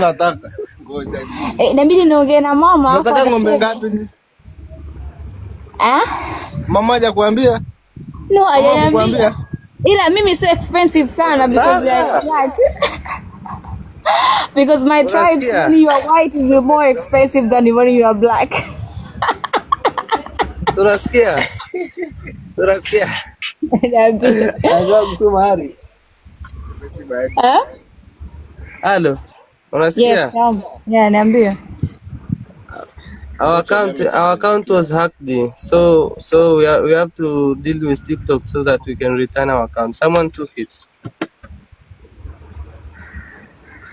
Nataka ngoja, eh, inabidi niongee na mama. Nataka ng'ombe ngapi? Ah, mama hajakuambia? No, hajaniambia, ila mimi sio expensive sana because because my tribes when you are white is more expensive than when you are black. Tunasikia, tunasikia. Eh? Halo. Unasikia? Yes, yeah, niambie. Our account, our account was hacked. So, so we, are, we have to deal with TikTok so that we can return our account. Someone took it.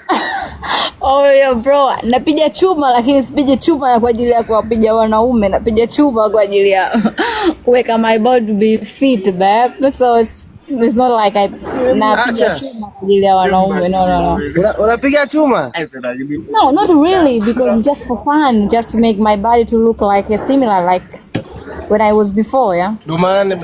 Oh, yeah, bro, napiga chuma lakini sipige chuma kwa ajili ya kuwapiga wanaume, napiga chuma kwa ajili ya kuweka my body be fit babe. So It's not like I napiga chuma ya wanaume. No, no, no. Unapiga chuma? No, not really because just for fun, just to make my body to look like a uh, similar like when I was before, yeah. Ndio maana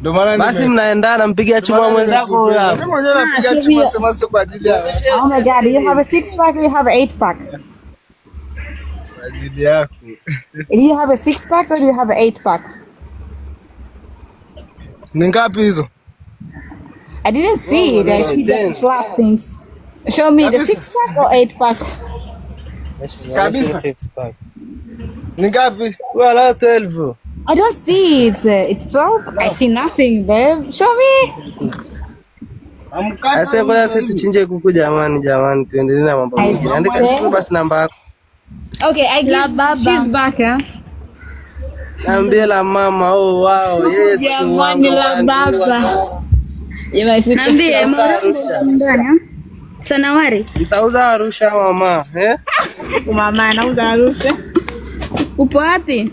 ndio maana basi mnaendana mpiga chuma mwenzako. Mimi mwenyewe napiga ah, chuma sema sio kwa ajili ya. Oh my god, you have a six pack, you have an eight pack. Kwa ajili yako. Do you have a six pack or do you have an eight pack? Ni ngapi hizo? I didn't see it. I see the black things. Show me the six pack or eight pack. Kabisa. Ni ngapi? Wala 12. I don't see it. It's 12. I see nothing, babe. Show me. Sasa kwa sasa tuchinje kuku jamani, jamani tuendelee na mambo mengine. Andika tu basi namba yako. Okay, I give. She's back, yeah. Niambie la mama oh, wow, Yesu jamani, la baba. Niambie Sanawari. Nitauza Arusha mama, eh? Mama anauza Arusha. Upo wapi?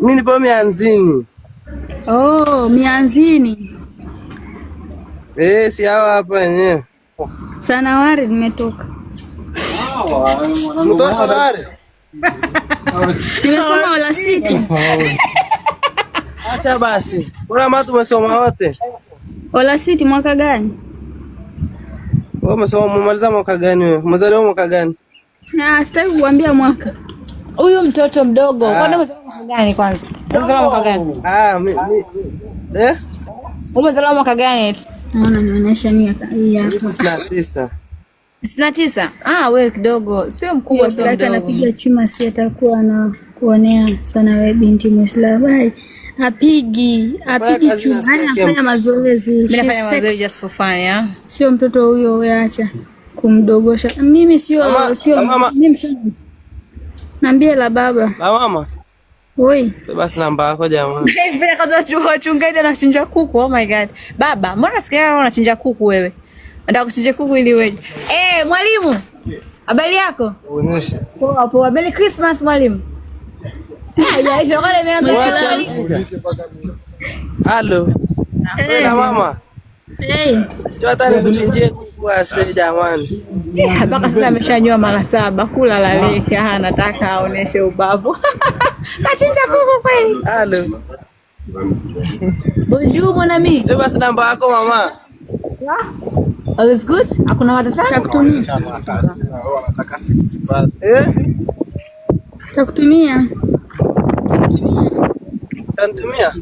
Mimi nipo Mianzini. Oh, Mianzini. Eh, si hawa hapa wenyewe. Sanawari nimetoka. Sanawari. Nimesoma wala siti. Acha basi. Bora mtu umesoma wote? Wala siti mwaka gani? Wewe umesoma umemaliza mwaka gani wewe? Umezaliwa mwaka gani? Ah, sitaki kuambia mwaka. Huyu mtoto mdogo. Ah. Kwa nini umezaliwa mwaka gani kwanza? Umezaliwa mwaka gani? Ah, mimi eh? Umezaliwa mwaka gani? Naona nionyesha miaka hii hapa. 69 sitini na tisa. Ah, wewe kidogo sio mkubwa, sio mdogo. Anapiga chuma, si atakuwa na kuonea sana. Wewe binti Muislamu, hai apigi apigi chuma, anafanya mazoezi, mimi nafanya mazoezi just for fun. Ya sio mtoto huyo, wewe acha kumdogosha. Mimi sio sio mimi mshana, naambia la baba la mama. Oi. Basi namba yako jamani. Mimi kaza chuo na chinja kuku. Oh my god. Baba, mbona sikia unachinja kuku wewe? Nataka kuchinja kuku ili weje. Eh, mwalimu. Habari yako? Uonyeshe. Poa poa. Merry Christmas mwalimu. Aisha Halo. Na eh. mama. Eh. Tuatani kuchinjia kuku ase jamani. Eh, mpaka sasa ameshanywa mara saba kula laleka, anataka aoneshe ubavu. Kachinja kuku kweli. Halo. Bonjour mon ami. Basi namba yako mama. Ah. Always oh, good? Hakuna matatizo? Takutumia. Eh? Takutumia. Takutumia.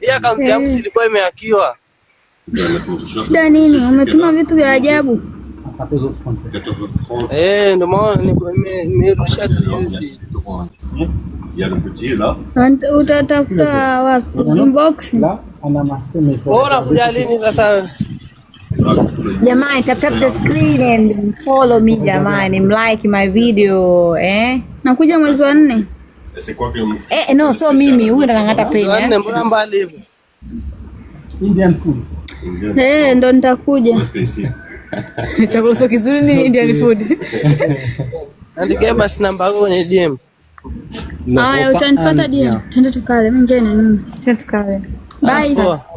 Hii akaunti yangu si ilikuwa imehakiwa. Shida nini? Umetuma vitu vya ajabu. Eh, ndio maana nimerusha juzi. Utatafuta wapi? Inbox. Bora kuja lini sasa? Jamani, tap tap the screen and follow me jamani, mlike my video eh. Nakuja mwezi wa nne. Eh, no so mimi huyu ndo nang'ata peni. Eh? Mbona mbali hivyo? Indian food. Eh, ndo nitakuja. Chakula sio kizuri ni Indian food. Andike basi namba yako kwenye DM. Haya, utanifuata DM. Twende tukale, mimi na nini? Twende tukale. Bye.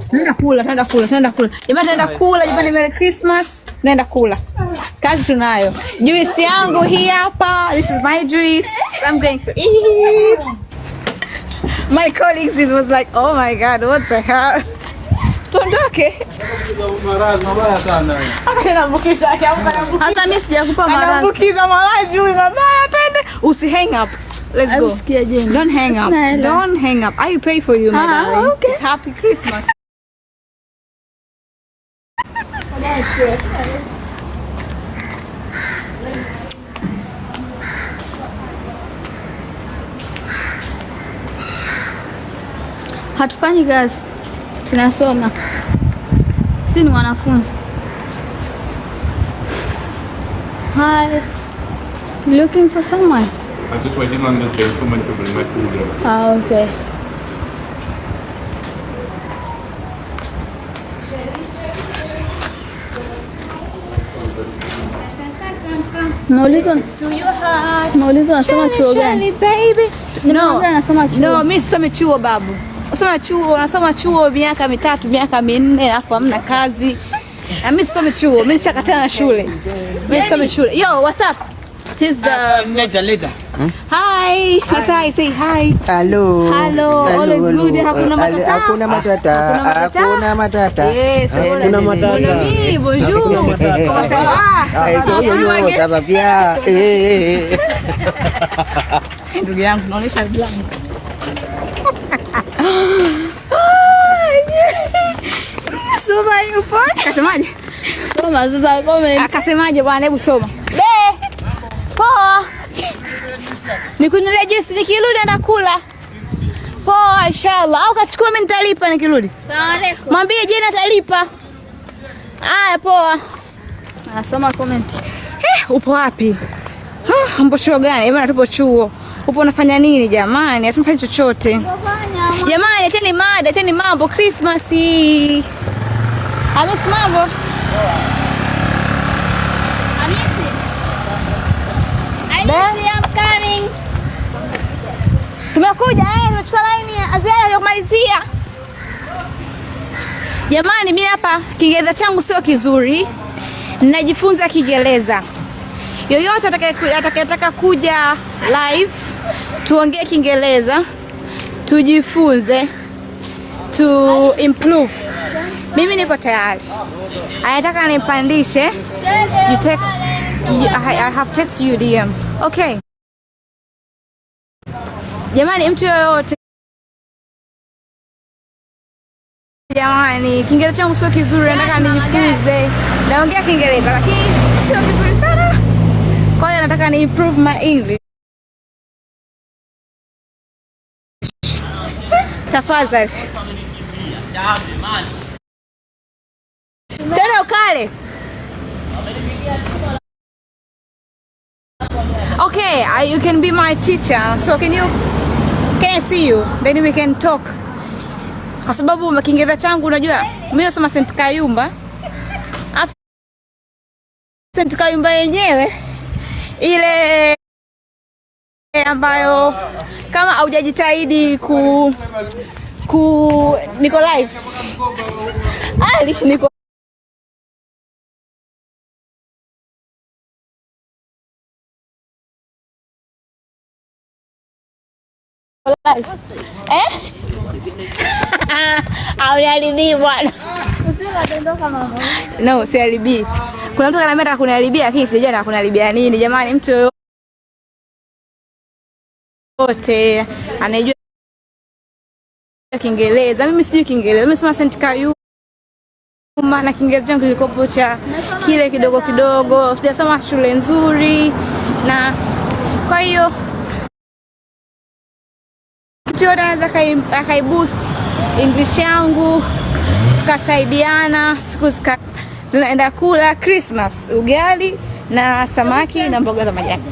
Tunaenda kula, tunaenda kula, tunaenda kula. Jamani tunaenda kula, jamani Merry Christmas. Tunaenda kula. Kazi tunayo. Juice yangu hii hapa. This is my juice. I'm going to eat. My colleagues it was like, "Oh my God, what the hell?" Tondoke. Hata mimi sijakupa maradhi. Anaambukiza maradhi huyu mabaya, twende. Usi hang up. Let's go. Don't hang up. Don't hang up. I pay for you, madam. Ah, okay. It's happy Christmas. Hatufanyi kazi, tunasoma. Si ni wanafunzi. Hi. Looking for someone. I'm just waiting on the gentleman to bring my food Ah, okay. Maulizo chuo No, No, babu. Soma chuo, anasoma chuo miaka mitatu, miaka minne alafu hamna kazi. Na mimi sisome chuo, mimi nishakatana na shule. Mimi sisome shule. Yo, what's up? He's the uh, Hi. Masai, say hi. Hello. Hello. Always good. Hakuna matata. Hakuna matata. Hakuna matata. Yes. Hakuna matata. bonjour. Comment ça va? ça va bien. Ndugu yangu naonesha glamu. Soma yupo? Akasemaje? Soma sasa, akasemaje bwana, hebu soma. nikunulia juisi nikirudi kula. Poa, inshallah. Au kachukua mimi nitalipa nikirudi. Salaam alaykum. Mwambie Jeni atalipa. Haya, poa. Nasoma comment. Eh, upo wapi? Ah, mbo chuo gani? Ebana, eh, tupo chuo. Upo unafanya nini jamani? Hatufanyi chochote. Jamani, acheni mada, acheni mambo Christmas. Hamisi mambo. Hamisi. Hamisi. Nimekuja eh, nimechukua laini ya ziara aliyomalizia. Jamani, mimi hapa Kiingereza changu sio kizuri, Ninajifunza Kiingereza. Yoyote atakayetaka kuja live, tuongee Kiingereza, tujifunze, to improve. Mimi niko tayari. Anataka nipandishe, you text, you, I, I have text you DM. Okay. Jamani, mtu yoyote jamani, Kiingereza changu sio kizuri, nataka nijifunze. Naongea Kiingereza lakini sio kizuri sana, kwa hiyo nataka ni improve my English. Tafadhali tena ukale. Okay, you can be my teacher. So can you Can see you? Then we can talk. Kwa sababu Kiingereza changu unajua mimi nasema Saint Kayumba. Saint Kayumba yenyewe ile ambayo kama haujajitahidi ku ku niko live. Ali ah, niko Eh? Auniharibii bwana. No, siharibii. Kuna mtu ananiambia nataka kuniharibia lakini sijajua na kuniharibia nini. Jamani, mtu yoyote anajua Kiingereza. Mimi sijui Kiingereza. Mimi sema Saint Kayuma na Kiingereza changu kilikopo cha kile kidogo kidogo. Sijasoma shule nzuri na kwa hiyo Jordan anaweza akaiboost English yangu, tukasaidiana, siku zika tunaenda kula Christmas ugali na samaki na mboga za majani.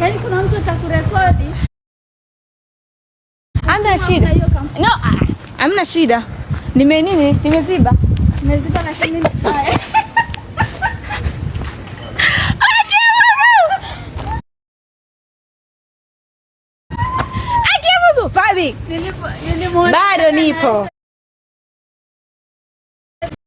Yaani kuna mtu atakurekodi. Hamna shida. No, ah, hamna shida. Nime nini? Nimeziba. Nimeziba na Mami, bado nipo